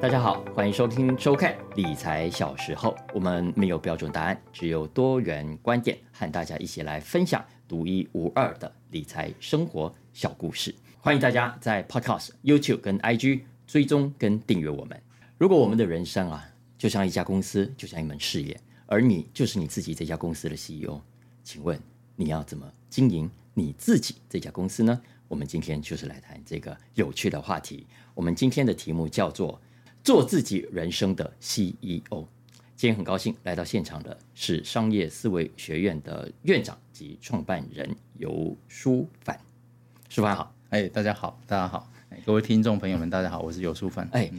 大家好，歡迎收聽收看《理財小時候》，我們沒有標準答案，只有多元觀點，和大家一起來分享獨一無二的理財生活小故事。歡迎大家在 Podcast、YouTube 跟 IG 追蹤跟訂閱我們。如果我們的人生啊，就像一家公司，就像一門事業，而你就是你自己這家公司的 CEO，請問你要怎麼經營你自己這家公司呢？我們今天就是來談這個有趣的話題。我們今天的題目叫做，做自己人生的 CEO。今天很高興來到現場的是商業思維學院的院長及創辦人游舒帆。舒帆好，哎，大家好，大家好，各位聽眾朋友們，嗯、大家好，我是游舒帆。哎，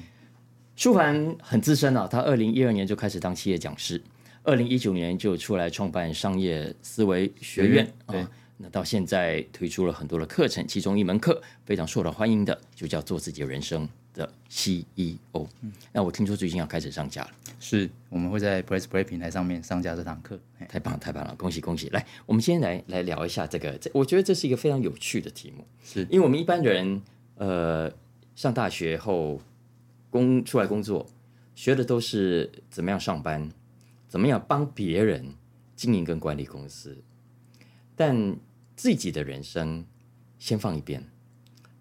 舒帆很資深啊，他二零一二年就開始當企業講師，二零一九年就出來創辦商業思維學院啊、哦，那到現在推出了很多的課程，其中一門課非常受到歡迎的，就叫做自己人生。的 CEO，嗯，那我聽說最近要開始上架了，是？我們會在 PressPlay 平臺上面上架這堂課。太棒了，太棒了，恭喜恭喜！來，我們先來來聊一下這個，這我覺得這是一個非常有趣的題目，是因為我們一般人呃上大學後工出來工作，學的都是怎麼樣上班，怎麼樣幫別人經營跟管理公司，但自己的人生先放一邊，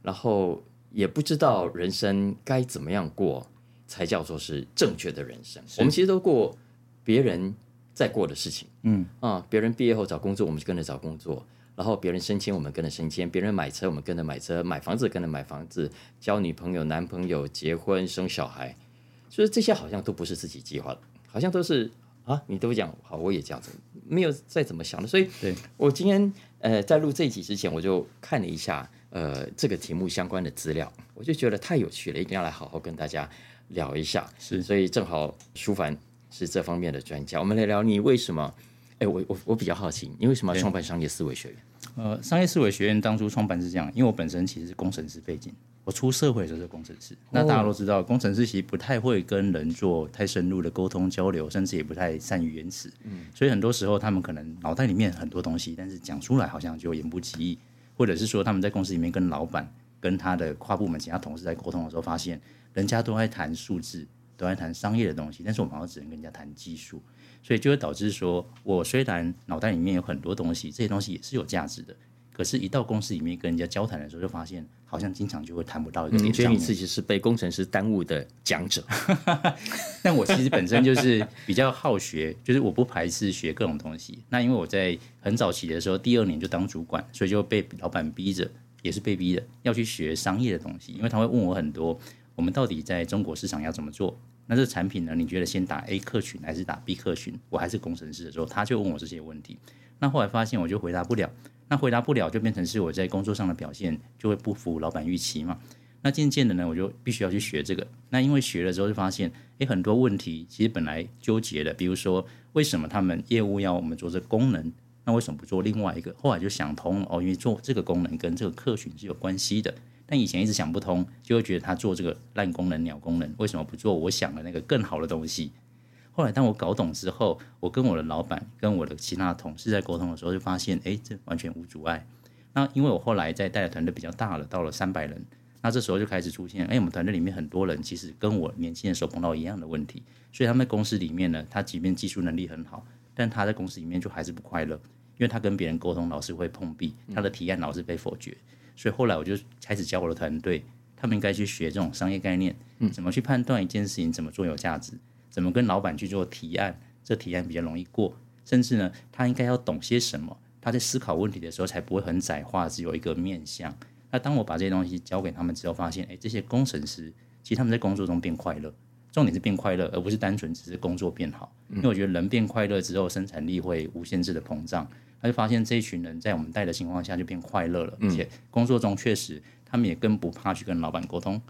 然後。也不知道人生該怎麼樣過，才叫做是正確的人生。是我們其實都過別人在過的事情，嗯啊、呃，別人畢業後找工作，我們就跟着找工作；然後別人升遷，我們跟着升遷；別人買車，我們跟着買車；買房子跟着買房子；交女朋友、男朋友、結婚、生小孩，所以這些好像都不是自己計劃的，好像都是啊，你都講好，我也這樣子，沒有再怎麼想了。所以，對我今天呃，在錄這一集之前，我就看了一下。呃，這個題目相關的資料，我就覺得太有趣了，一定要來好好跟大家聊一下。是，所以正好舒帆是這方面的專家，我們來聊你為什麼？哎、欸，我我我比較好奇，你為什麼要創辦商業思維學院？呃，商業思維學院當初創辦是這樣，因為我本身其實是工程師背景，我出社會的時候是工程師。哦、那大家都知道，工程師其實不太會跟人做太深入的溝通交流，甚至也不太善於言辭。嗯。所以很多時候，他們可能腦袋裡面很多東西，但是講出來好像就言不及義。或者是說，他們在公司裡面跟老闆、跟他的跨部門其他同事在溝通的時候，發現人家都在談數字，都在談商業的東西，但是我們好像只能跟人家談技術，所以就會導致說，我雖然腦袋裡面有很多東西，這些東西也是有價值的。可是，一到公司裡面跟人家交談的時候，就發現好像經常就會談不到一個點上，嗯。你覺得你自己是被工程師耽誤的講者？ 但我其實本身就是比較好學， 就是我不排斥學各種東西。那因為我在很早期的時候，第二年就當主管，所以就被老板逼着，也是被逼的要去學商業的東西。因為他會問我很多，我們到底在中國市場要怎麼做？那這個產品呢？你覺得先打 A 客群還是打 B 客群？我還是工程師的時候，他就問我這些問題。那後來發現我就回答不了。那回答不了，就變成是我在工作上的表現就會不符老板預期嘛。那漸漸的呢，我就必須要去學這個。那因為學了之後就發現，哎、欸，很多問題其實本來糾結的，比如說為什麼他們業務要我們做這個功能，那為什麼不做另外一個？後來就想通哦，因為做這個功能跟這個客群是有關係的。但以前一直想不通，就會覺得他做這個爛功能、鳥功能，為什麼不做我想的那個更好的東西？後來，當我搞懂之後，我跟我的老闆、跟我的其他的同事在溝通的時候，就發現，哎，這完全無阻礙。那因為我後來在帶的團隊比較大了，到了三百人，那這時候就開始出現，哎，我們團隊裡面很多人其實跟我年輕的時候碰到一樣的問題。所以他們在公司裡面呢，他即便技術能力很好，但他在公司裡面就還是不快樂，因為他跟別人溝通老是會碰壁，他的提案老是被否決。所以後來我就開始教我的團隊，他們應該去學這種商業概念，怎麼去判斷一件事情怎麼做有價值。怎麼跟老闆去做提案？這提案比較容易過。甚至呢，他應該要懂些什麼？他在思考問題的時候才不會很窄化，只有一個面向。那當我把這些東西交給他們之後，發現，誒，這些工程師其實他們在工作中變快樂。重點是變快樂，而不是單純只是工作變好。因為我覺得人變快樂之後，生產力會無限制的膨脹。他就發現這一群人在我們帶的情況下就變快樂了，而且工作中確實他們也更不怕去跟老闆溝通。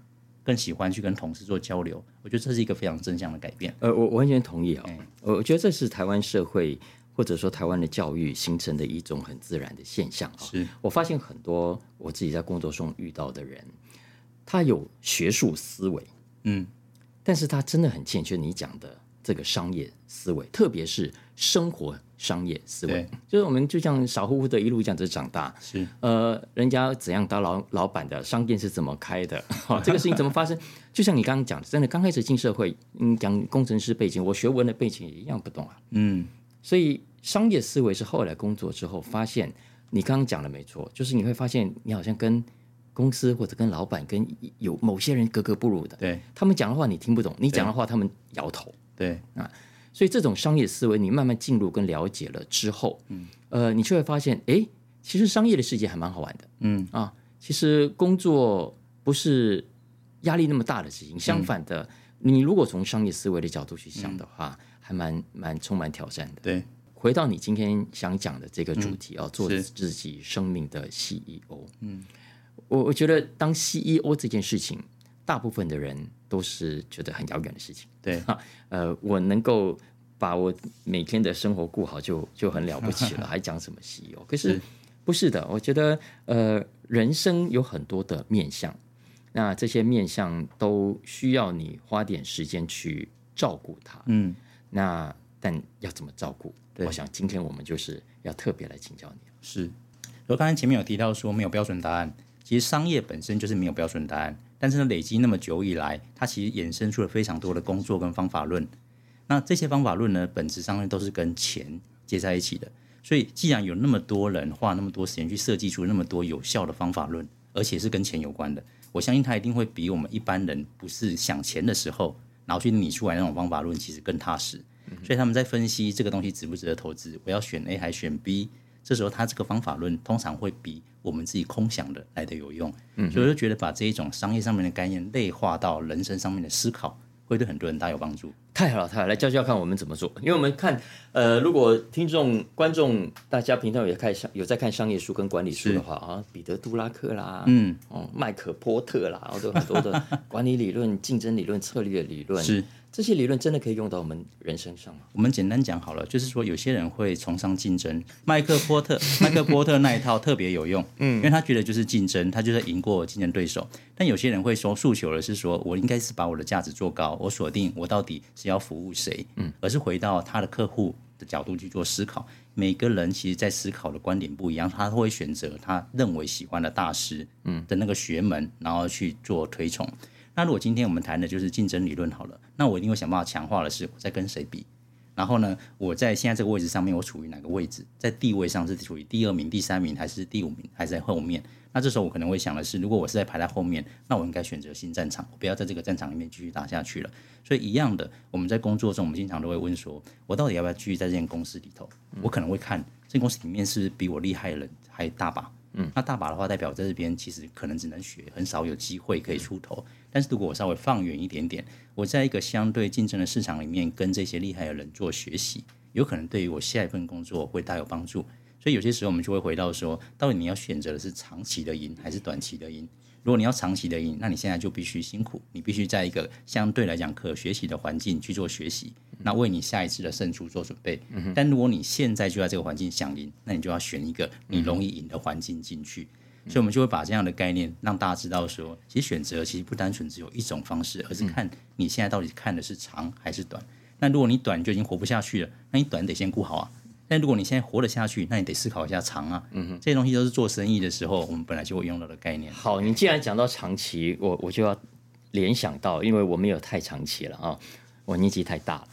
更喜歡去跟同事做交流，我覺得這是一個非常正向的改變。呃，我完全同意啊、哦。嗯，我覺得這是台灣社會或者說台灣的教育形成的一種很自然的現象，哦，是我發現很多我自己在工作中遇到的人，他有學術思維，嗯，但是他真的很欠缺你講的這個商業思維，特別是生活。商業思維對就是我們就像傻乎乎的一路這樣子長大，是呃，人家怎樣當老老板的，商店是怎麼開的， 這個事情怎麼發生？就像你剛剛講的，真的剛開始進社會，嗯，你講工程師背景，我學文的背景也一樣不懂啊。嗯，所以商業思維是後來工作之後發現，你剛剛講的沒錯，就是你會發現你好像跟公司或者跟老板、跟有某些人格格不入的，對，他們講的話你聽不懂，你講的話他們搖頭，對,對啊。所以這種商業思維，你慢慢進入跟了解了之後，嗯，呃，你就會發現，哎，其實商業的世界還蠻好玩的，嗯啊，其實工作不是壓力那麼大的事情。嗯、相反的，你如果從商業思維的角度去想的話，嗯、還蠻蠻充滿挑戰的。對，回到你今天想講的這個主題，要、嗯、做自己生命的 CEO 是。嗯，我我覺得當 CEO 這件事情，大部分的人。都是覺得很遙遠的事情，對哈、啊，呃，我能夠把我每天的生活過好就就很了不起了， 還講什麼西遊？可是，是不是的，我覺得呃，人生有很多的面向，那這些面向都需要你花點時間去照顧它。嗯，那但要怎麼照顧？對我想今天我們就是要特別來請教你。是，我剛才前面有提到說沒有標準答案，其實商業本身就是沒有標準答案。但是呢，累積那麼久以來，它其實衍生出了非常多的工作跟方法論。那這些方法論呢，本質上面都是跟錢接在一起的。所以，既然有那麼多人花那麼多時間去設計出那麼多有效的方法論，而且是跟錢有關的，我相信它一定會比我們一般人不是想錢的時候，然後去擬出來那種方法論，其實更踏實。所以，他們在分析這個東西值不值得投資，我要選 A 還選 B。這時候，他這個方法論通常會比我們自己空想的來得有用，嗯，所以我就覺得把這一種商業上面的概念內化到人生上面的思考，會對很多人大有幫助。太好了，太好了，來教教看，我們怎麼做？因為我們看，呃，如果聽眾、觀眾大家平常有看商，有在看商業書跟管理書的話，是啊，彼得·杜拉克啦，嗯，哦，麥克·波特啦，然後都有很多的管理理論、 競爭理論、策略理論這些理論真的可以用到我們人身上嗎？我們簡單講好了，就是說有些人會崇尚競爭，麥克波特， 麥克波特那一套特別有用，嗯，因為他覺得就是競爭，他就是贏過競爭對手。但有些人會說訴求的是說，我應該是把我的價值做高，我鎖定我到底是要服務誰，嗯，而是回到他的客戶的角度去做思考。每個人其實在思考的觀點不一樣，他都會選擇他認為喜歡的大師，嗯的那個學門，然後去做推崇。那如果今天我們談的就是競爭理論好了，那我一定會想辦法強化的是我在跟誰比，然後呢，我在現在這個位置上面，我處於哪個位置，在地位上是處於第二名、第三名，還是第五名，還是在後面？那這時候我可能會想的是，如果我是在排在後面，那我應該選擇新戰場，不要在這個戰場裡面繼續打下去了。所以一樣的，我們在工作中，我們經常都會問說，我到底要不要繼續在這間公司裡頭？嗯，我可能會看這公司裡面是不是比我厲害的人還大把，嗯，那大把的話，代表在這邊其實可能只能學，很少有機會可以出頭。但是，如果我稍微放遠一點點，我在一個相對競爭的市場裡面，跟這些厲害的人做學習，有可能對於我下一份工作會大有幫助。所以，有些時候我們就會回到說，到底你要選擇的是長期的贏還是短期的贏？如果你要長期的贏，那你現在就必須辛苦，你必須在一個相對來講可學習的環境去做學習，那為你下一次的勝出做準備。但如果你現在就在這個環境想贏，那你就要選一個你容易贏的環境進去。所以，我們就會把這樣的概念讓大家知道說，說其實選擇其實不單純只有一種方式，而是看你現在到底看的是長還是短。嗯、那如果你短，你就已經活不下去了，那你短你得先顧好啊。但如果你現在活得下去，那你得思考一下長啊。嗯哼，這些東西都是做生意的時候我們本來就會用到的概念。好，你既然講到長期，我我就要聯想到，因為我沒有太長期了啊、哦。我年紀太大了，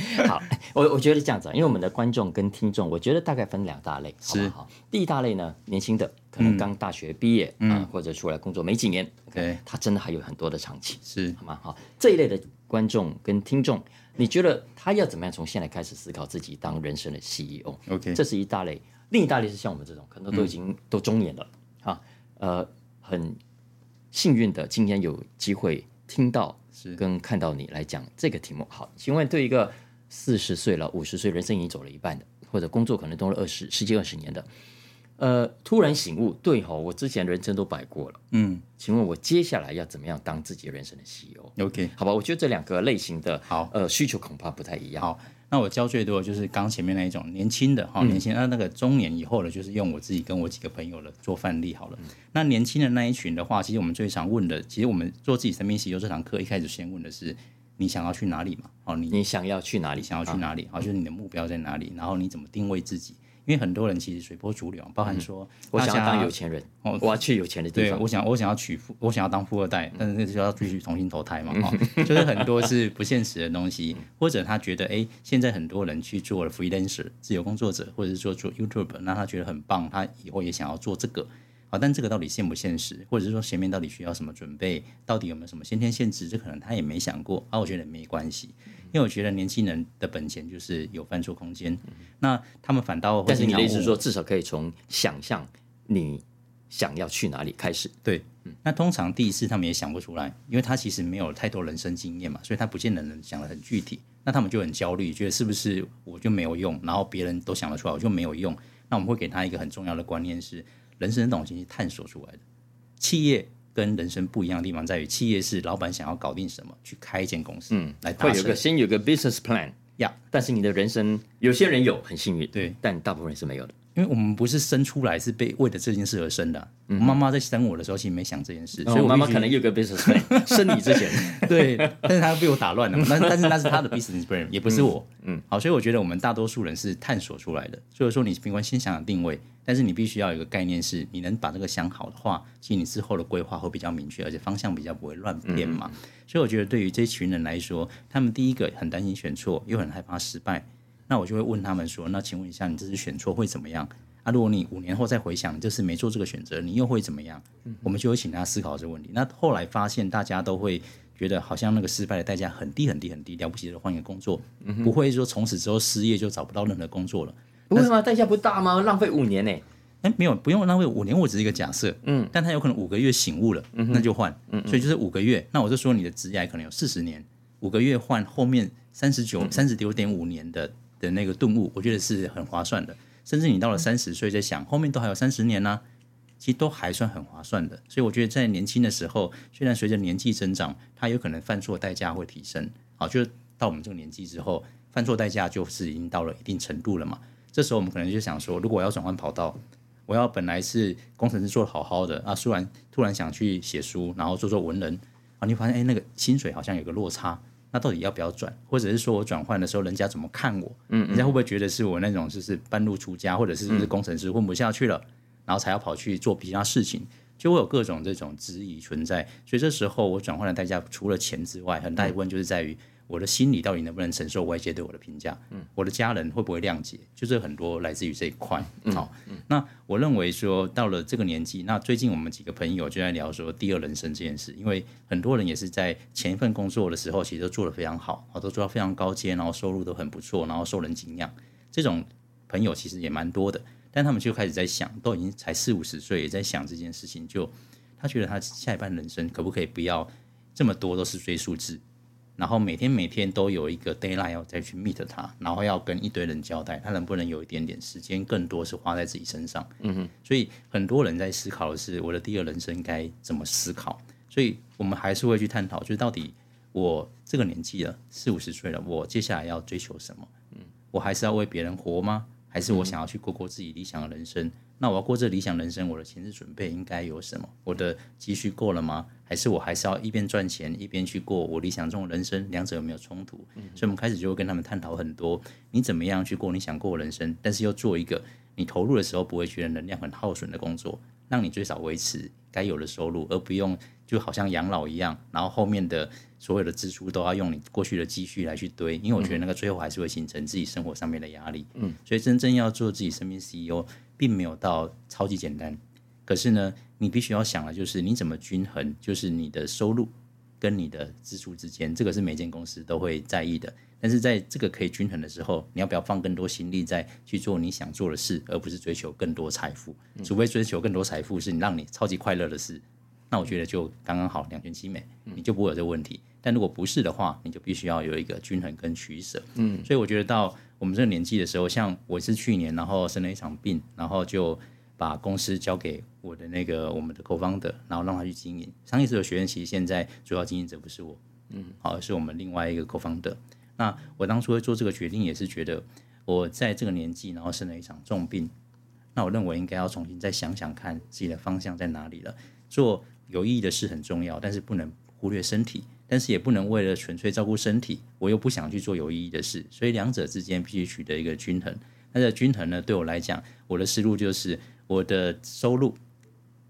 好，我我覺得是這樣子，因為我們的觀眾跟聽眾，我覺得大概分兩大類，是好，好，第一大類呢，年輕的，可能剛大學畢業、嗯呃、或者出來工作沒幾年、嗯、，OK，他真的還有很多的長期，是，好嗎？哈，這一類的觀眾跟聽眾，你覺得他要怎麼樣從現在開始思考自己當人生的 CEO？OK，Okay. 這是一大類。另一大類是像我們這種，可能都已經、嗯、都中年了，哈、啊，呃，很幸運的今天有機會聽到。是跟看到你來講這個題目，好，請問對一個四十歲了、五十歲，人生已經走了一半的，或者工作可能做了二十、十幾二十年的，呃，突然醒悟，對吼、哦：「我之前的人生都白過了，嗯，請問我接下來要怎麼樣當自己人生的 CEO？OK，Okay 好吧，我覺得這兩個類型的，好，呃，需求恐怕不太一樣。好那我教最多的就是剛前面那一種年輕的哈，年輕那那個中年以後的，就是用我自己跟我幾個朋友的做範例好了。嗯、那年輕的那一群的話，其實我們最常問的，其實我們做自己生命的 CEO 這堂課一開始先問的是你想要去哪裡嘛？哦，你你想要去哪裡？想要去哪裡？好、啊，就是你的目標在哪裡？然後你怎麼定位自己？因為很多人其實隨波逐流，包含說，嗯、想我想當有錢人，我、哦、我要去有錢的地方，我想我想要娶富，我想要當富二代，但是那就要繼續重新投胎嘛，哈，就是很多是不現實的東西，嗯、或者他覺得，哎，現在很多人去做了 freelancer 自由工作者，或者是做做 YouTube，那他覺得很棒，他以後也想要做這個，好、哦，但這個到底現不現實，或者是說前面到底需要什麼準備，到底有沒有什麼先天限制，這可能他也沒想過，而、啊、我覺得沒關係。因為我覺得年輕人的本錢就是有犯錯空間，嗯、那他們反倒會。但是你的意思是說，至少可以從想象你想要去哪裡開始。對，那通常第一次他們也想不出來，因為他其實沒有太多人生經驗嘛，所以他不見得能想得很具體。那他們就很焦慮，覺得是不是我就沒有用？然後別人都想得出來，我就沒有用。那我們會給他一個很重要的觀念是，人生的東西是探索出來的。企業。跟人生不一樣的地方在於，企業是老闆想要搞定什麼，去開一間公司來，嗯，來會有個先有個 business plan，呀，Yeah. 但是你的人生，有些人有很幸運，對，但大部分人是沒有的。因為我們不是生出來是被為了這件事而生的、啊，媽媽在生我的時候其實沒想這件事，嗯、所以我媽媽、哦、可能有個 business brain 生你之前，對，但是她被我打亂了，但 但是那是她的 business brain，也不是我，嗯，嗯好，所以我覺得我們大多數人是探索出來的，所以說你不管先想想定位，但是你必須要有一個概念是，你能把這個想好的話，其實你之後的規劃會比較明確，而且方向比較不會亂變嘛。嗯、所以我覺得對於這群人來說，他們第一個很擔心選錯，又很害怕失敗。那我就會問他們說：“那請問一下，你這次選錯會怎麼樣？啊，如果你五年後再回想，就是沒做這個選擇，你又會怎麼樣？我們就會請他思考這個問題。那後來發現，大家都會覺得好像那個失敗的代價很低很低很低，了不起的換一個工作，不會說從此之後失業就找不到任何工作了，不是嗎？代價不大嗎？浪費五年呢、欸？誒，沒有，不用浪費五年，我只是一個假設。嗯，但他有可能五個月醒悟了，嗯、哼，那就換。嗯嗯，所以就是五個月。那我就說你的職業可能有四十年，五個月換後面三十九三十九點五年的、嗯。嗯”的那個頓悟，我覺得是很划算的。甚至你到了三十歲，在想、嗯、後面都還有三十年呢、啊，其實都還算很划算的。所以我覺得在年輕的時候，雖然隨着年紀增長，他有可能犯錯代價會提升，好，就是到我們這個年紀之後，犯錯代價就是已經到了一定程度了嘛。這時候我們可能就想說，如果我要轉換跑道，我要本來是工程師做得好好的啊，突然突然想去寫書，然後做做文人啊，你發現哎、欸，那個薪水好像有個落差。那到底要不要轉，或者是說我轉換的時候，人家怎麼看我？嗯，嗯，人家會不會覺得是我那種就是半路出家，或者是，是工程師混不下去了，嗯，然後才要跑去做其他事情？就會有各種這種質疑存在，所以這時候我轉換的代價，除了錢之外，很大一部分就是在於。我的心裡到底能不能承受外界對我的評價？嗯，我的家人會不會諒解？就是很多來自於這一塊。好，嗯嗯、那我認為說到了這個年紀，那最近我們幾個朋友就在聊說第二人生這件事，因為很多人也是在前一份工作的時候，其實都做得非常好啊，然後都做到非常高階，然後收入都很不錯，然後受人景仰。這種朋友其實也蠻多的，但他們就開始在想，都已經才四五十歲，也在想這件事情，就他覺得他下一半人生可不可以不要這麼多都是追數字？然後每天每天都有一個 deadline 要再去 meet 他，然後要跟一堆人交代，他能不能有一點點時間更多是花在自己身上？嗯哼，所以很多人在思考的是我的第二人生該怎麼思考，所以我們還是會去探討，就是到底我這個年紀了，四五十歲了，我接下來要追求什麼？嗯，我還是要為別人活嗎？還是我想要去過過自己理想的人生，那我要過這理想人生，我的前置準備應該有什麼？我的積蓄夠了嗎？還是我還是要一邊賺錢一邊去過我理想中的人生？兩者有沒有衝突？嗯、哼所以我們開始就會跟他們探討很多，你怎麼樣去過你想過的人生，但是又做一個你投入的時候不會覺得能量很耗損的工作，讓你最少維持該有的收入，而不用就好像養老一樣，然後後面的。所有的支出都要用你過去的積蓄來去堆，因為我覺得那個最後還是會形成自己生活上面的壓力。嗯，所以真正要做自己生命 CEO，並沒有到超級簡單。可是呢，你必須要想的就是你怎麼均衡，就是你的收入跟你的支出之間，這個是每間公司都會在意的。但是在這個可以均衡的時候，你要不要放更多心力在去做你想做的事，而不是追求更多財富？嗯、除非追求更多財富是你讓你超級快樂的事，那我覺得就剛剛好兩全其美，嗯、你就不會有這個問題。但如果不是的話，你就必須要有一個均衡跟取捨。嗯，所以我覺得到我們這個年紀的時候，像我是去年，然後生了一場病，然後就把公司交給我的那個我們的 co-founder，然後讓他去經營商業思維學院。其實現在主要經營者不是我，嗯，而是我們另外一個 co-founder。那我當初做這個決定也是覺得，我在這個年紀，然後生了一場重病，那我認為應該要重新再想想看自己的方向在哪裡了。做有意義的事很重要，但是不能忽略身體。但是也不能為了純粹照顧身體，我又不想去做有意義的事，所以兩者之間必須取得一個均衡。那這個均衡呢，對我來講，我的思路就是我的收入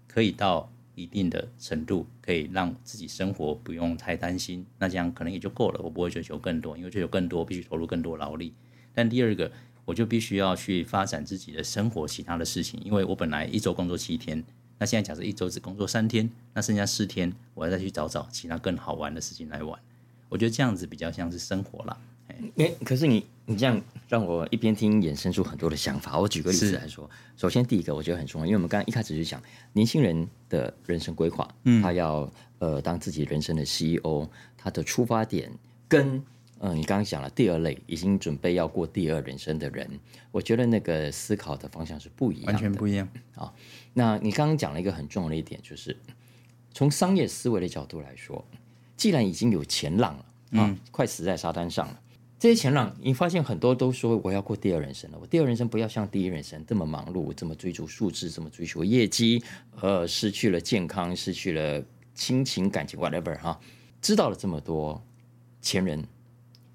可以到一定的程度，可以讓自己生活不用太擔心，那這樣可能也就夠了，我不會追求更多，因為追求更多必須投入更多勞力。但第二個，我就必須要去發展自己的生活其他的事情，因為我本來一周工作七天。那現在假設一周只工作三天，那剩下四天，我要再去找找其他更好玩的事情來玩。我覺得這樣子比較像是生活啦。誒，可是你你這樣讓我一邊聽，衍生出很多的想法。我舉個例子來說，是首先第一個我覺得很重要，因為我們剛剛一開始就講年輕人的人生規劃，他要呃當自己人生的 CEO，他的出發點跟，嗯，你剛剛講了第二類已經準備要過第二人生的人，我覺得那個思考的方向是不一樣的，完全不一樣啊、哦。那你剛剛講了一個很重要的一點，就是從商業思維的角度來說，既然已經有前浪了，啊、哦，嗯、快死在沙灘上了，這些前浪，你發現很多都說我要過第二人生了，我第二人生不要像第一人生這麼忙碌，這麼追逐數字，這麼追求業績，呃，失去了健康，失去了親情感情，whatever 哈、哦，知道了這麼多前人。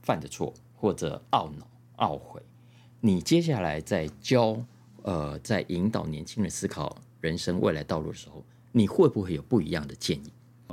犯的錯或者懊惱、懊悔，你接下來在教、呃，在引導年輕人思考人生未來道路的時候，你會不會有不一樣的建議？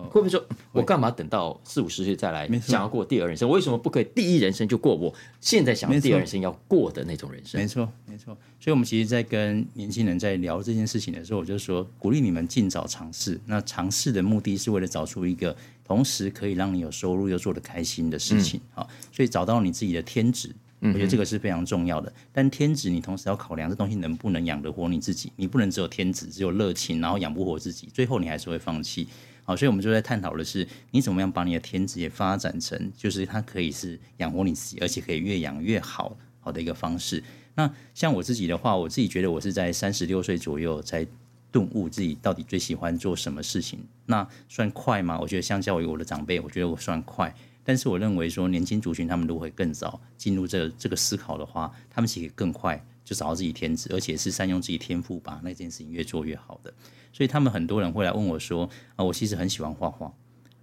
會不會說，會我幹嘛等到四五十歲再來？想要過第二人生，沒錯，我為什麼不可以第一人生就過我，我現在想要第二人生要過的那種人生？沒錯，沒錯。所以，我們其實，在跟年輕人在聊這件事情的時候，我就說，鼓勵你們儘早嘗試。那嘗試的目的是為了找出一個同時可以讓你有收入又做得開心的事情。嗯、好，所以找到你自己的天職。我覺得這個是非常重要的，但天職你同時要考量這東西能不能養得活你自己，你不能只有天職，只有熱情，然後養不活自己，最後你還是會放棄。好，所以我們就在探討的是，你怎麼樣把你的天職也發展成，就是它可以是養活你自己，而且可以越養越好，好的一個方式。那像我自己的話，我自己覺得我是在三十六歲左右才頓悟自己到底最喜歡做什麼事情。那算快嗎？我覺得相較於我的長輩，我覺得我算快。但是我認為說，年輕族群他們如果會更早進入這個、這個思考的話，他們其實更快就找到自己天職，而且是善用自己天賦，把那件事情越做越好的。所以他們很多人會來問我說：“啊、呃，我其實很喜歡畫畫，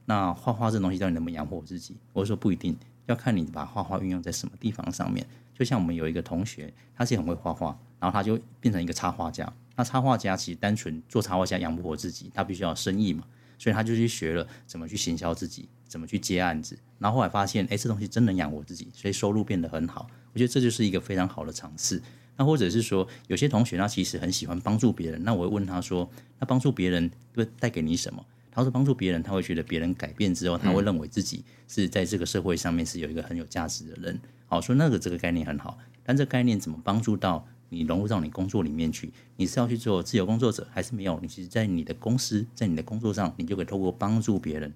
那畫畫這東西到底能不能養活我自己？”我說：“不一定，要看你把畫畫運用在什麼地方上面。”就像我們有一個同學，他是很會畫畫，然後他就變成一個插畫家。那插畫家其實單純做插畫家養不活自己，他必須要生意嘛。所以他就去學了怎麼去行銷自己，怎麼去接案子，然後後來發現，哎，這東西真能養活自己，所以收入變得很好。我覺得這就是一個非常好的嘗試。那或者是說，有些同學他其實很喜歡幫助別人，那我會問他說，那幫助別人會帶給你什麼？他說幫助別人，他會覺得別人改變之後，他會認為自己是在這個社會上面是有一個很有價值的人。嗯、好，說那個這個概念很好，但這個概念怎麼幫助到？你融入到你工作裡面去，你是要去做自由工作者還是沒有？你其實，在你的公司，在你的工作上，你就可以透過幫助別人，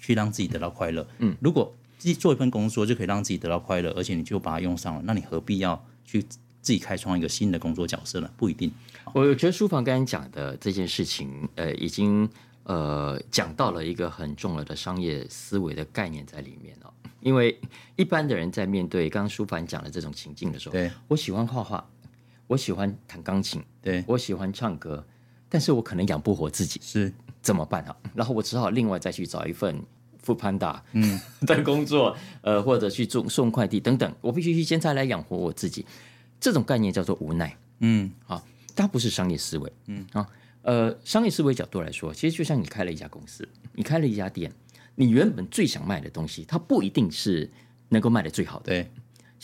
去讓自己得到快樂。嗯，如果自己做一份工作就可以讓自己得到快樂，而且你就把它用上了，那你何必要去自己開創一個新的工作角色呢？不一定。我覺得舒帆跟你講的這件事情，呃，已經呃講到了一個很重要的商業思維的概念在裡面了。因為一般的人在面對剛剛舒帆講的這種情境的時候，對，我喜歡畫畫。我喜歡彈鋼琴，對，我喜歡唱歌，但是我可能養不活自己，是怎麼辦啊？然後我只好另外再去找一份 foodpanda 嗯的 工作，呃，或者去做送快遞等等，我必須去兼差來養活我自己。這種概念叫做無奈，嗯，好、啊，它不是商業思維，嗯啊，呃，商業思維角度來說，其實就像你開了一家公司，你開了一家店，你原本最想賣的東西，它不一定是能夠賣的最好的。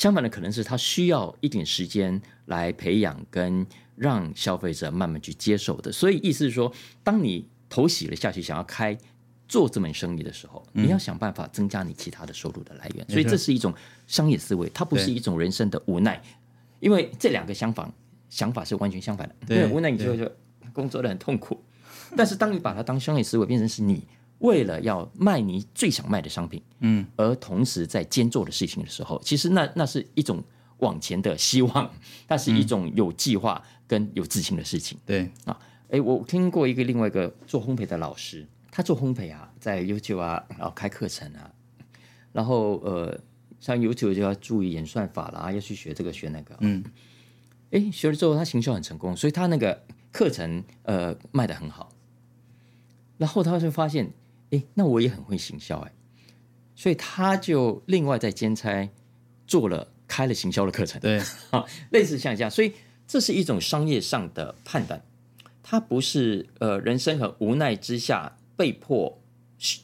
相反的可能是他需要一點時間來培養跟讓消費者慢慢去接受的，所以意思是說，當你投資了下去，想要開做這門生意的時候，你要想辦法增加你其他的收入的來源。所以這是一種商業思維，它不是一種人生的無奈，因為這兩個相反想法是完全相反的。對，無奈你就就工作的很痛苦，但是當你把它當商業思維變成是你。為了要賣你最想賣的商品，嗯，而同時在兼做的事情的時候，其實那那是一種往前的希望，那是一種有計劃跟有自信的事情。對啊，哎，我聽過一個另外一個做烘焙的老師，他做烘焙啊，在 YouTube 啊，然後開課程啊，然後呃，上 YouTube 就要注意演算法啦，要去學這個學那個，嗯，哎，學了之後他行銷很成功，所以他那個課程呃賣得很好，然後他就發現。哎，那我也很會行銷哎，所以他就另外在兼差做了開了行銷的課程，對，哦、 類似像這樣，所以這是一種商業上的判斷，他不是呃人生很無奈之下被迫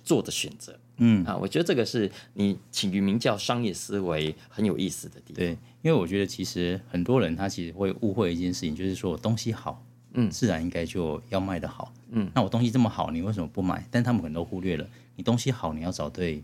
做的選擇，嗯啊，我覺得這個是你請於名叫商業思維很有意思的地方，對，因為我覺得其實很多人他其實會誤會一件事情，就是說我東西好。嗯，自然應該就要賣得好。嗯，那我東西這麼好，你為什麼不買？但他們可能都忽略了，你東西好，你要找對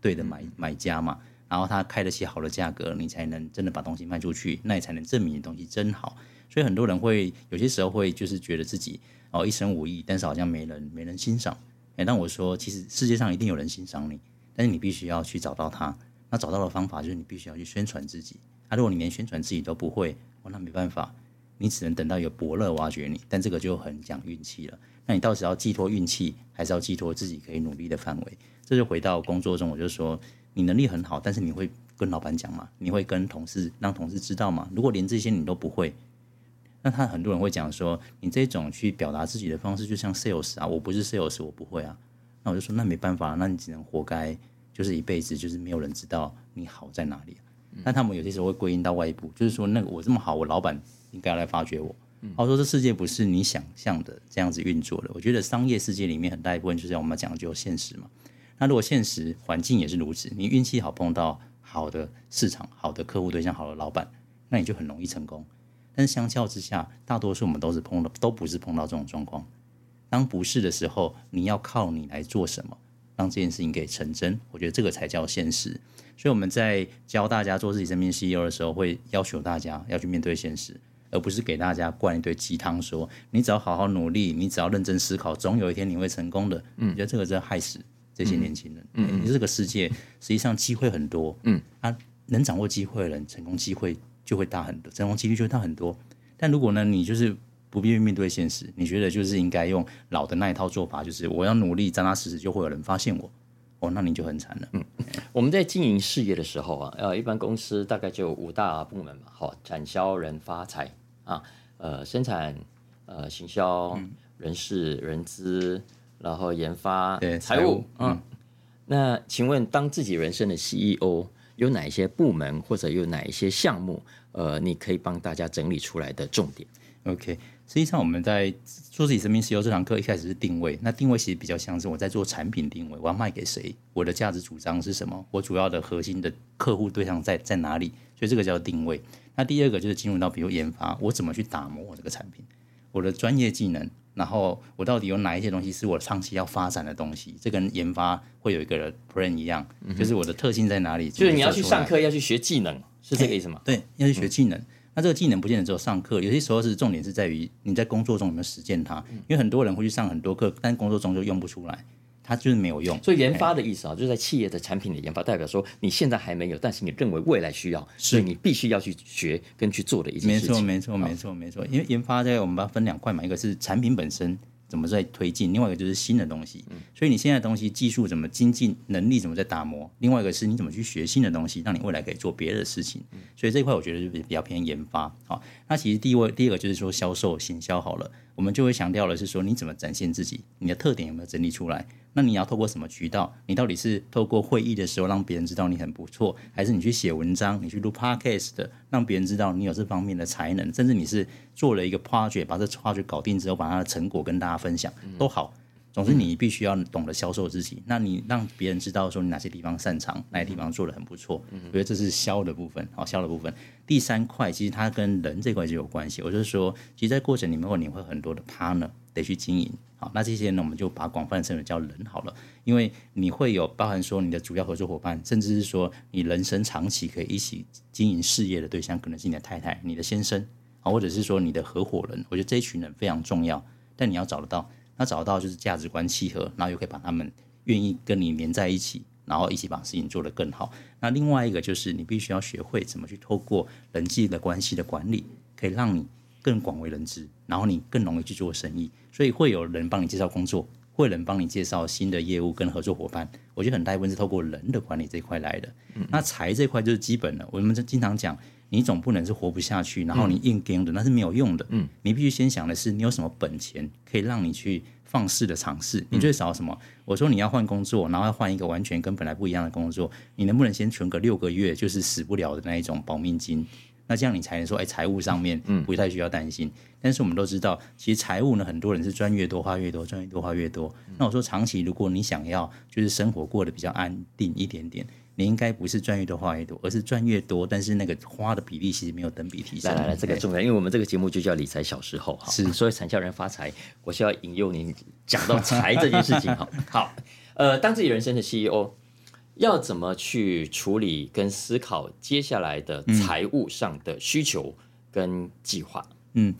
對的買買家嘛，然後他開得起好的價格，你才能真的把東西賣出去，那你才能證明你東西真好。所以很多人會有些時候會就是覺得自己哦一身武藝，但是好像沒人沒人欣賞。每、欸、但我說，其實世界上一定有人欣賞你，但是你必須要去找到他。那找到的方法就是你必須要去宣傳自己。那、啊、如果你連宣傳自己都不會，我那沒辦法。你只能等到一個伯樂挖掘你，但這個就很講運氣了。那你到時候寄托運氣，還是要寄托自己可以努力的範圍？這就回到工作中，我就說你能力很好，但是你會跟老板講嗎？你會跟同事讓同事知道嗎？如果連這些你都不會，那他很多人會講說，你這種去表達自己的方式就像 sales 啊，我不是 sales，我不會啊。那我就說，那沒辦法、啊，那你只能活該，就是一輩子就是沒有人知道你好在哪裡、啊。那、嗯、他們有些時候會歸因到外部，就是說那個我這麼好，我老板。應該來發掘我。嗯，我說，這世界不是你想象的這樣子運作的。我覺得商業世界裡面很大一部分就是我們講究現實嘛。那如果現實環境也是如此，你運氣好碰到好的市場、好的客戶對象、好的老闆，那你就很容易成功。但是相較之下，大多數我們都是碰到，都不是碰到這種狀況。當不是的時候，你要靠你來做什麼讓這件事情給成真？我覺得這個才叫現實。所以我們在教大家做自己生命的 CEO 的時候，會要求大家要去面對現實。而不是給大家灌一堆雞湯，說你只要好好努力，你只要認真思考，總有一天你會成功的。嗯，你覺得這個真害死這些年輕人？嗯你、嗯就是、這個世界、嗯、實際上機會很多。嗯、啊，能掌握機會的人，成功機會就會大很多，成功幾率就會大很多。但如果呢，你就是不必面對現實，你覺得就是應該用老的那一套做法，就是我要努力扎扎實實，就會有人發現我。哦、oh，那你就很慘了。嗯， 我們在經營事業的時候啊，呃，一般公司大概就有五大部門嘛，好，產銷、人、發財。啊，呃，生產、呃，行銷、嗯、人事、人資，然後研發、對財務，財務，嗯，嗯，那請問當自己人生的 CEO 有哪一些部門或者有哪一些項目？呃，你可以幫大家整理出來的重點。OK，實際上我們在做自己生命 CEO 這堂課一開始是定位，那定位其實比較像是我在做產品定位，我要賣給誰？我的價值主張是什麼？我主要的核心的客戶對象在在哪裡？所以這個叫定位。那第二個就是進入到比如研發，我怎麼去打磨我這個產品，我的專業技能，然後我到底有哪一些東西是我長期要發展的東西？這跟研發會有一個 blueprint 一樣，就是我的特性在哪裡？就是、嗯、你要去上課，要去學技能，是這個意思嗎？欸、對，要去學技能。嗯、那這個技能不見得只有上課，有些時候是重點是在於你在工作中有沒有實踐它。因為很多人會去上很多課，但工作中就用不出來。它就是沒有用，所以研發的意思啊，來就是在企業的產品的研發，代表說你現在還沒有，但是你認為未來需要，是所以你必須要去學跟去做的一件事情。沒錯，沒錯，好沒錯，沒錯。因為研發在我們把它分兩塊嘛，一個是產品本身怎麼在推進，另外一個就是新的東西。所以你現在的東西技術怎麼精進，能力怎麼在打磨，另外一個是你怎麼去學新的東西，讓你未來可以做別的事情。所以這一塊我覺得就比較偏研發。好，那其實第一位第一個就是說銷售行銷好了，我們就會強調的是說你怎麼展現自己，你的特點有沒有整理出來。那你要透過什麼渠道？你到底是透過會議的時候讓別人知道你很不錯，還是你去寫文章、你去錄 Podcast 的，讓別人知道你有這方面的才能？甚至你是做了一個 project，把這 project 搞定之後，把它的成果跟大家分享，嗯、都好。總之，你必須要懂得銷售自己。嗯、哼那你讓別人知道說你哪些地方擅長，哪些地方做得很不錯。我覺得這是銷的部分，好、哦、銷的部分。第三塊其實它跟人這塊就有關係。我就是說，其實，在過程裡面會你會有很多的 partner 得去經營。好，那這些呢，我們就把廣泛稱為叫人好了。因為你會有包含說你的主要合作夥伴，甚至是說你人生長期可以一起經營事業的對象，可能是你的太太、你的先生，啊，或者是說你的合夥人。我覺得這一群人非常重要，但你要找得到。那找到就是價值觀契合，然後又可以把他們願意跟你連在一起，然後一起把事情做得更好。那另外一個就是你必須要學會怎麼去透過人際的關係的管理，可以讓你更廣為人知，然後你更容易去做生意。所以會有人幫你介紹工作，會人幫你介紹新的業務跟合作夥伴。我覺得很大一部分是透過人的管理這一塊來的。那財這塊就是基本的，我們經常講。你總不能是活不下去，然後你硬幹的，嗯、那是沒有用的。嗯，你必須先想的是，你有什麼本錢可以讓你去放肆的嘗試？嗯、你最少什麼？我說你要換工作，然後要換一個完全跟本來不一樣的工作，你能不能先存個六個月，就是死不了的那一種保命金？那這樣你才能說，哎、欸，財務上面不太需要擔心。嗯、但是我們都知道，其實財務呢，很多人是賺越多花越多，賺越多花越多。那我說，長期如果你想要就是生活過得比較安定一點點。你應該不是賺越多花越多，而是賺越多，但是那個花的比例其實沒有等比提升。來來來，對這個重要，因為我們這個節目就叫理財小時候哈，是所以產銷人發財，我需要引誘您講到財這件事情。好 好，呃，當自己人生的 CEO，要怎麼去處理跟思考接下來的財務上的需求跟計劃？嗯。嗯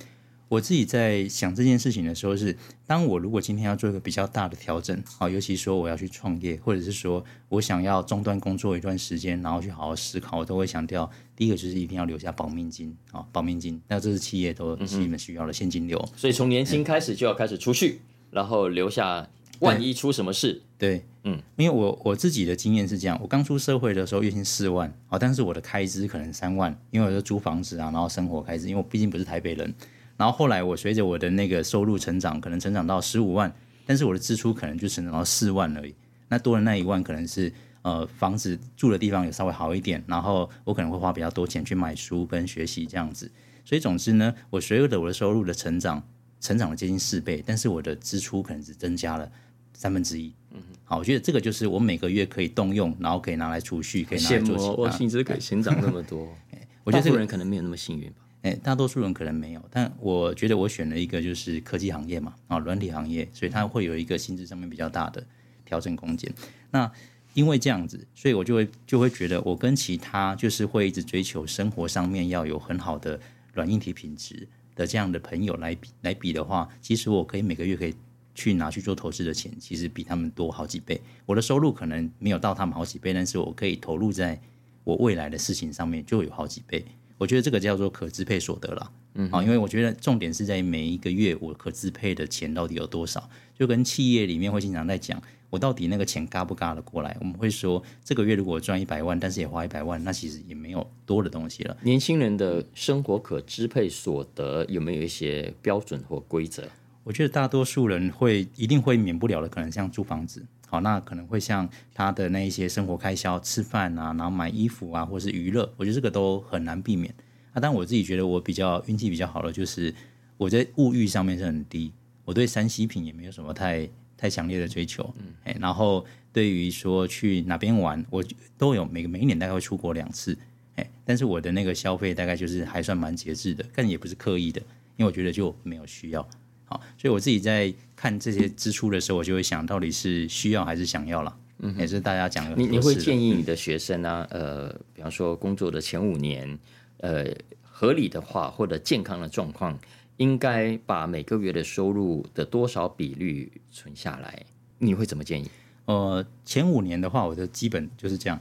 我自己在想這件事情的時候是，當我如果今天要做一個比較大的調整，尤其說我要去創業，或者是說我想要中斷工作一段時間，然後去好好思考，我都會強調，第一個就是一定要留下保命金，啊，保命金。那這是企業都基本需要的現金流，嗯嗯。所以從年輕開始就要開始儲蓄，嗯、然後留下萬一出什麼事。對，對嗯，因為我我自己的經驗是這樣，我剛出社會的時候月薪四萬，但是我的開支可能三萬，因為我就租房子啊，然後生活開支，因為我畢竟不是台北人。然後後來我隨着我的那個收入成長，可能成長到十五萬，但是我的支出可能就成長到四萬而已。那多了那一萬，可能是呃房子住的地方也稍微好一點，然後我可能會花比較多錢去買書跟學習這樣子。所以總之呢，我隨着我的收入的成長，成長了接近四倍，但是我的支出可能只增加了三分之一。嗯哼，好，我覺得這個就是我每個月可以動用，然後可以拿來儲蓄，可以拿來做其他。羨慕我薪資可以先長那麼多， 我覺得很多人可能沒有那麼幸運吧。 誒、欸，大多數人可能沒有，但我覺得我選了一個就是科技行業嘛，啊、哦，軟體行業，所以它會有一個薪資上面比較大的調整空間。那因為這樣子，所以我就會就會覺得，我跟其他就是會一直追求生活上面要有很好的軟硬體品質的這樣的朋友來比來比的話，其實我可以每個月可以去拿去做投資的錢，其實比他們多好幾倍。我的收入可能沒有到他們好幾倍，但是我可以投入在我未來的事情上面就有好幾倍。我覺得這個叫做可支配所得了，啊、嗯哼，因為我覺得重點是在每一個月我可支配的錢到底有多少，就跟企業裡面會經常在講，我到底那個錢嘎不嘎的過來。我們會說，這個月如果賺一百萬，但是也花一百萬，那其實也沒有多的東西了。年輕人的生活可支配所得有沒有一些標準或規則？我覺得大多數人會一定會免不了的，可能像租房子。好，那可能會像他的那一些生活開銷，吃飯啊，然後買衣服啊，或是娛樂，我覺得這個都很難避免。啊，但我自己覺得我比較運氣比較好的就是我在物欲上面是很低，我對 3C 品也沒有什麼太太強烈的追求。嗯。哎，然後對於說去哪邊玩，我都有每每一年大概會出國兩次，哎，但是我的那個消費大概就是還算蠻節制的，但也不是刻意的，因為我覺得就沒有需要。好，所以我自己在看這些支出的時候，我就會想到底是需要還是想要了。嗯哼，也是大家講的。你你會建議你的學生呢、啊？對 呃，比方說工作的前五年，呃，合理的話或者健康的狀況，應該把每個月的收入的多少比率存下來。你會怎麼建議？呃，前五年的話，我的基本就是這樣，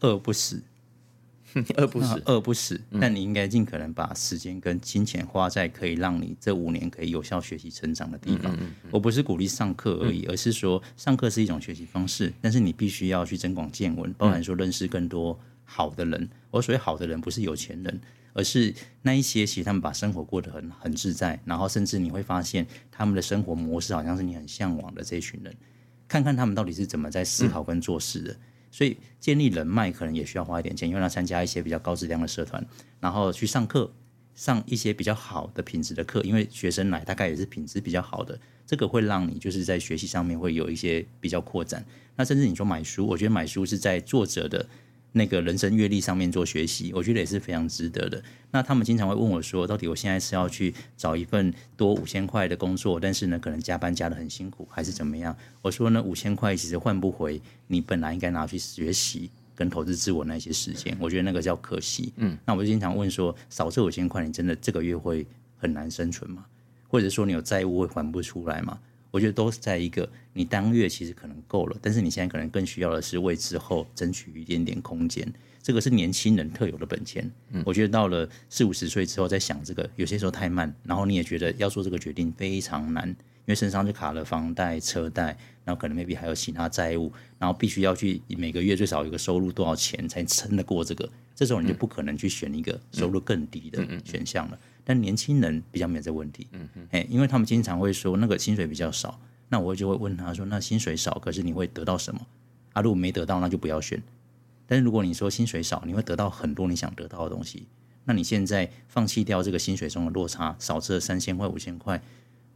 餓不死。餓不死，餓、嗯、不死，但你應該盡可能把時間跟金錢花在可以讓你這五年可以有效學習成長的地方。嗯嗯嗯、我不是鼓勵上課而已，嗯、而是說上課是一種學習方式，嗯、但是你必須要去增廣見聞，包含說認識更多好的人。嗯、我所謂好的人，不是有錢人，而是那一些其實他們把生活過得很很自在，然後甚至你會發現他們的生活模式好像是你很向往的這一群人，看看他們到底是怎麼在思考跟做事的。嗯所以建立人脈可能也需要花一點錢，因為他參加一些比較高質量的社團，然後去上課，上一些比較好的品質的課，因為學生來大概也是品質比較好的，這個會讓你就是在學習上面會有一些比較擴展。那甚至你說買書，我覺得買書是在作者的。那個人生閱歷上面做學習，我覺得也是非常值得的。那他們經常會問我說，到底我現在是要去找一份多五千塊的工作，但是呢，可能加班加得很辛苦，還是怎麼樣？我說呢，五千塊其實換不回你本來應該拿去學習跟投資自我那些時間，我覺得那個叫可惜。嗯，那我就經常問說，少這五千塊，你真的這個月會很難生存嗎？或者說你有債務會還不出來嗎？我覺得都是在一個你當月其實可能夠了，但是你現在可能更需要的是為之後爭取一點點空間。這個是年輕人特有的本錢。嗯。我覺得到了四五十歲之後再想這個，嗯。有些時候太慢，然後你也覺得要做這個決定非常難，因為身上就卡了房貸、車貸，然後可能 maybe 還有其他債務，然後必須要去每個月最少有個收入多少錢才撐得過這個。這時候你就不可能去選一個收入更低的選項了。嗯嗯嗯嗯但年輕人比較沒有這個問題，嗯哼，誒，因為他們經常會說那個薪水比較少，那我就會問他說，那薪水少，可是你會得到什麼？啊，如果沒得到，那就不要選。但是如果你說薪水少，你會得到很多你想得到的東西，那你現在放棄掉這個薪水中的落差，少這三千塊、五千塊，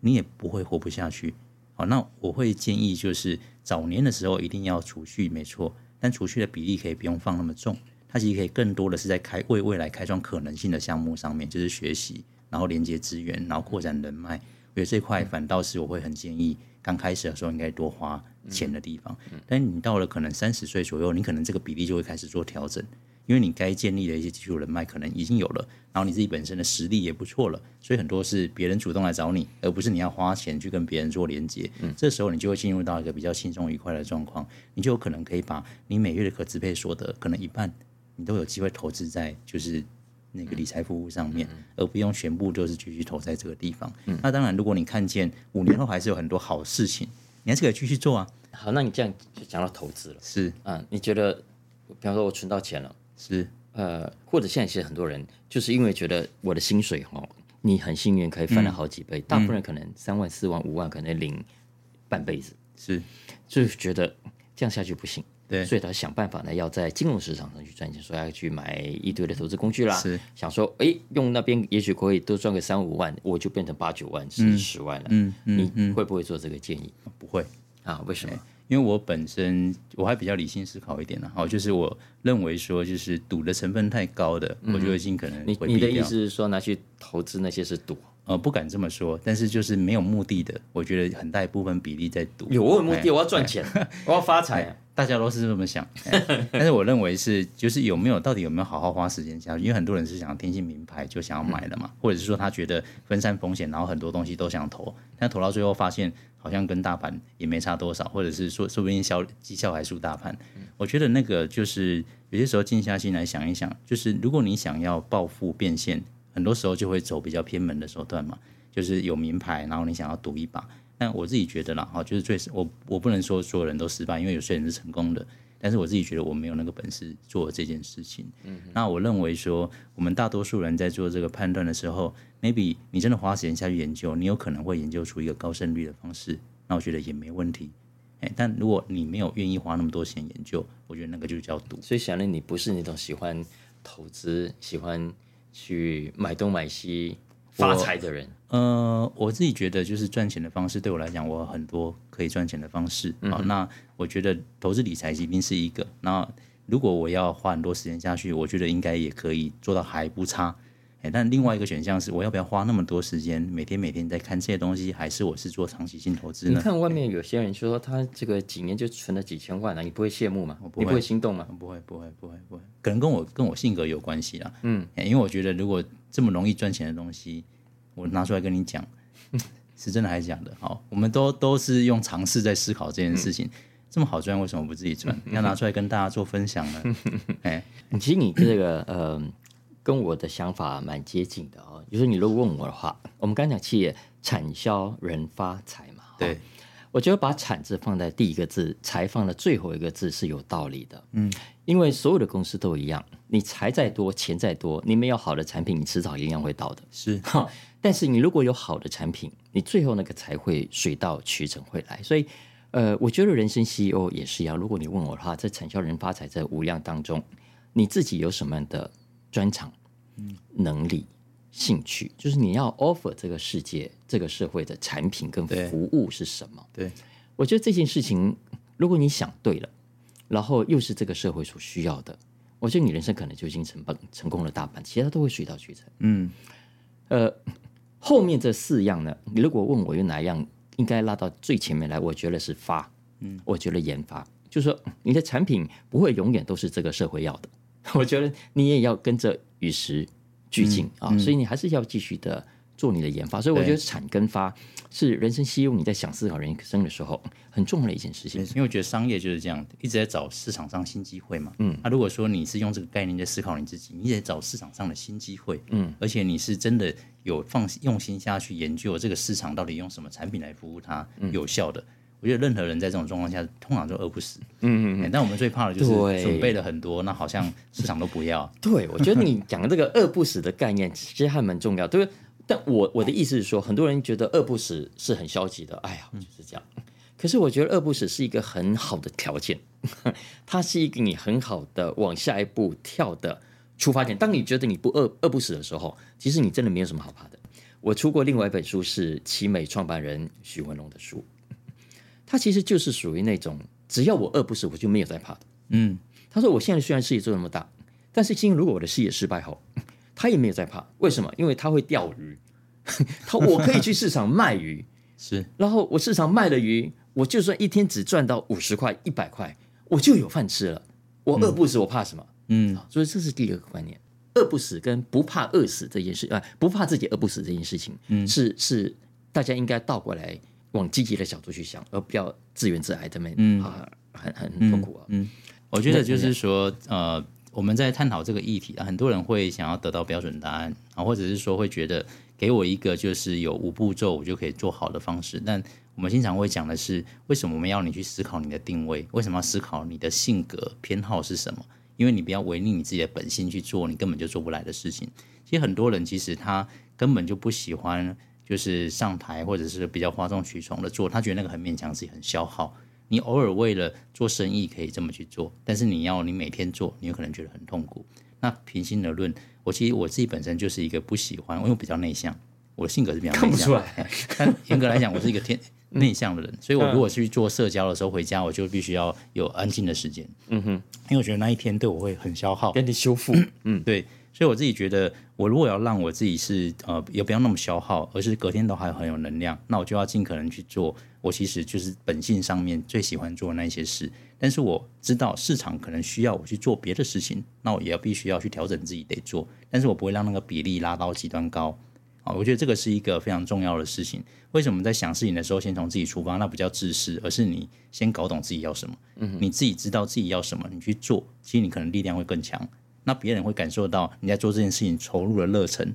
你也不會活不下去。好，那我會建議就是早年的時候一定要儲蓄，沒錯，但儲蓄的比例可以不用放那麼重。它其實可以更多的是在開為未來開創可能性的項目上面，就是學習，然後連接資源，然後擴展人脈。我覺得這塊反倒是我會很建議剛開始的時候應該多花錢的地方。嗯嗯嗯、但你到了可能三十歲左右，你可能這個比例就會開始做調整，因為你該建立的一些基礎人脈可能已經有了，然後你自己本身的實力也不錯了，所以很多是別人主動來找你，而不是你要花錢去跟別人做連接。嗯、這時候你就會進入到一個比較輕鬆愉快的狀況，你就有可能可以把你每月的可支配所得可能一半，你都有機會投資在就是那個理財服務上面，嗯嗯、而不用全部都是繼續投在這個地方。嗯、那當然，如果你看見五年後還是有很多好事情，嗯、你還是可以繼續做啊。好，那你這樣就講到投資了。是啊，你覺得，比方說我存到錢了，是呃，或者現在其實很多人就是因為覺得我的薪水哦，你很幸運可以翻了好幾倍，嗯、大部分人可能三萬、四萬、五萬可能領半輩子，是就是覺得這樣下去不行。對所以他想辦法呢，要在金融市場上去賺錢，所以要去買一堆的投資工具啦，是想說，哎，用那邊也許可以多賺個三五萬，我就變成八九萬甚至十萬了。嗯嗯，嗯嗯，你會不會做這個建議？不會。啊，為什麼？因為我本身我還比較理性思考一點呢、啊，就是我認為說，就是賭的成分太高的，嗯、我就盡可能。你你的意思是說，拿去投資那些是賭？呃，不敢這麼說，但是就是沒有目的的，我覺得很大一部分比例在賭。有沒有目的，嘿我要賺錢，我要發財、啊，大家都是這麼想。 但是我認為是，就是有沒有到底有沒有好好花時間想？因為很多人是想要聽信名牌就想要買了嘛，嗯、或者是說他覺得分散風險，然後很多東西都想投，但投到最後發現好像跟大盤也沒差多少，或者是說說不定效績效還輸大盤。嗯、我覺得那個就是有些時候靜下心來想一想，就是如果你想要暴富變現。很多時候就會走比較偏門的手段嘛，就是有名牌，然後你想要賭一把。但我自己覺得啦，就是最我我不能說所有人都失敗，因為有些人是成功的。但是我自己覺得我沒有那個本事做這件事情。嗯哼，那我認為說，我們大多數人在做這個判斷的時候，maybe 你真的花時間下去研究，你有可能會研究出一個高勝率的方式。那我覺得也沒問題。欸，但如果你沒有願意花那麼多錢研究，我覺得那個就叫賭。所以顯然你不是那種喜歡投資、喜歡。去買東買西發財的人，呃，我自己覺得就是賺錢的方式，對我來講，我很多可以賺錢的方式啊、嗯哼哦。那我覺得投資理財一定是一個。那如果我要花很多時間下去，我覺得應該也可以做到還不差。但另外一個選項是，我要不要花那麼多時間每天每天在看這些東西？還是我是做長期性投資？你看外面有些人說他這個幾年就存了幾千萬了，啊，你不會羨慕嗎？我不會，你不會心動嗎？不會不會不會不會，可能跟我跟我性格有關係啦。嗯，因為我覺得如果這麼容易賺錢的東西，我拿出來跟你講，是真的還是假的？好，我們都都是用嘗試在思考這件事情。嗯，這麼好賺，為什麼不自己賺？嗯、哼要拿出來跟大家做分享呢？哎，其實你這個 呃。跟我的想法蠻接近的哦，就是你如果問我的話，是我們剛,剛講企業產銷人發財嘛，對，我覺得把“產”字放在第一個字，“財”放在最後一個字是有道理的，嗯，因為所有的公司都一樣，你財再多，錢再多，你沒有好的產品，你遲早一樣會倒的，是哈。但是你如果有好的產品，你最後那個財會水到渠成會來，所以，呃，我覺得人生 CEO 也是一樣，如果你問我的話，在產銷人發財這五樣當中，你自己有什麼樣的？專長、能力、興趣，就是你要 offer 這個世界、這個社會的產品跟服務是什麼？對，對。我覺得這件事情，如果你想對了，然後又是這個社會所需要的，我覺得你人生可能就已經成功成功了大半，其他都會水到渠成。嗯，呃，後面這四樣呢，你如果問我有哪一樣應該拉到最前面來，我覺得是發，嗯，我覺得研發，就是說你的產品不會永遠都是這個社會要的。 我覺得你也要跟着與時俱進啊、嗯哦，所以你還是要繼續的做你的研發。嗯、所以我覺得產跟發是人生，希望你在想思考人生的時候很重要的一件事情。因為我覺得商業就是這樣，一直在找市場上新機會嘛。那、嗯啊、如果說你是用這個概念在思考你自己，你在找市場上的新機會。嗯、而且你是真的有放用心下去研究這個市場到底用什麼產品來服務它，有效的。嗯我覺得任何人在這種狀況下，通常都餓不死。嗯嗯，但我們最怕的就是準備對了很多，那好像市場都不要。對，我覺得你講的這個“餓不死”的概念其實還蠻重要，對不對？但我我的意思是說，很多人覺得“餓不死”是很消極的。哎呀，就是這樣。嗯、可是我覺得“餓不死”是一個很好的條件呵呵，它是一個你很好的往下一步跳的出發點。當你覺得你不餓、餓不死的時候，其實你真的沒有什麼好怕的。我出過另外一本書，是奇美創辦人許文龍的書。他其實就是屬於那種，只要我餓不死，我就沒有在怕的。嗯，他說我現在雖然事業做那麼大，但是今天如果我的事業失敗後，他也沒有在怕。為什麼？因為他會釣魚，他 我可以去市場賣魚， 是。然後我市場賣了魚，我就算一天只賺到五十塊、一百塊，我就有飯吃了。我餓不死，我怕什麼？嗯、啊，所以這是第二個觀念：餓不死跟不怕餓死這件事啊、呃，不怕自己餓不死這件事情，嗯，是是，是大家應該倒過來往積極的角度去想，而不要自怨自艾，他們、嗯、啊很很、很痛苦啊、嗯嗯。我覺得就是說，呃，我們在探討這個議題啊，很多人會想要得到標準答案啊，或者是說會覺得給我一個就是有五步驟我就可以做好的方式。但我們經常會講的是，為什麼我們要你去思考你的定位？為什麼要思考你的性格偏好是什麼？因為你不要違逆你自己的本性去做你根本就做不來的事情。其實很多人其實他根本就不喜歡。就是上臺，或者是比較譁眾取寵的做，他覺得那個很勉強自己，很消耗。你偶爾為了做生意可以這麼去做，但是你要你每天做，你有可能覺得很痛苦。那平心而論，我其實我自己本身就是一個不喜歡，因為我比較內向，我的性格是比較內向看不出來。欸、但嚴格來講，我是一個天內 向的人，所以我如果去做社交的時候回家，我就必須要有安靜的時間。嗯哼，因為我覺得那一天對我會很消耗，給你修復。嗯，對。所以我自己覺得，我如果要讓我自己是呃，也不要那麼消耗，而是隔天都還很有能量，那我就要盡可能去做。我其實就是本性上面最喜歡做的那些事，但是我知道市場可能需要我去做別的事情，那我也要必須要去調整自己得做，但是我不會讓那個比例拉到極端高。好，我覺得這個是一個非常重要的事情。為什麼在想事情的時候先從自己出發？那不叫自私，而是你先搞懂自己要什麼，嗯，你自己知道自己要什麼，你去做，其實你可能力量會更強。那別人會感受到你在做這件事情投入了熱忱，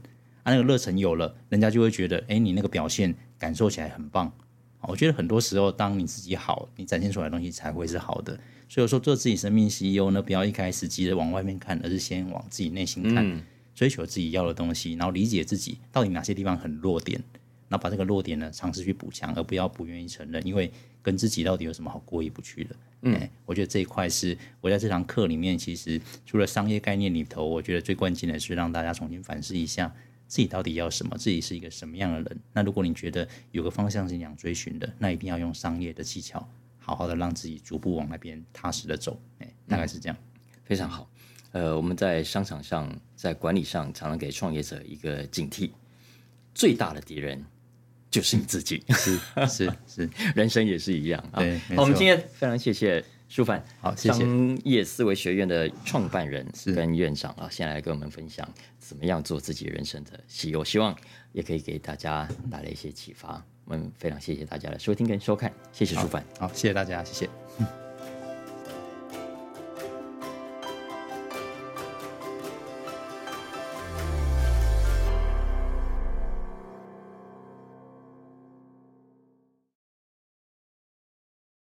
啊，那個熱忱有了，人家就會覺得，哎、欸，你那個表現感受起來很棒。我覺得很多時候，當你自己好，你展現出來的東西才會是好的。所以說，做自己生命 CEO 呢，不要一開始急着往外面看，而是先往自己內心看，嗯、追求自己要的東西，然後理解自己到底哪些地方很弱點，那把這個弱點呢，嘗試去補強，而不要不願意承認，因為跟自己到底有什麼好過意不去的？嗯，哎，我覺得這一塊是我在這堂課裡面，其實除了商業概念裡頭，我覺得最關鍵的是讓大家重新反思一下自己到底要什麼，自己是一個什麼樣的人。那如果你覺得有個方向是你想追尋的，那一定要用商業的技巧，好好的讓自己逐步往那邊踏實的走。哎，大概是這樣。嗯，非常好。呃，我們在商場上，在管理上，常常給創業者一個警惕：最大的敵人，就是你自己，是是 是，是，人生也是一樣啊。好，我們今天非常謝謝舒帆，好，謝謝商業思維學院的創辦人跟院長啊，先是來跟我們分享怎麼樣做自己人生的 CEO，我希望也可以給大家帶來一些啟發。我們非常謝謝大家的收聽跟收看，謝謝舒帆，好，好，謝謝大家，謝謝。嗯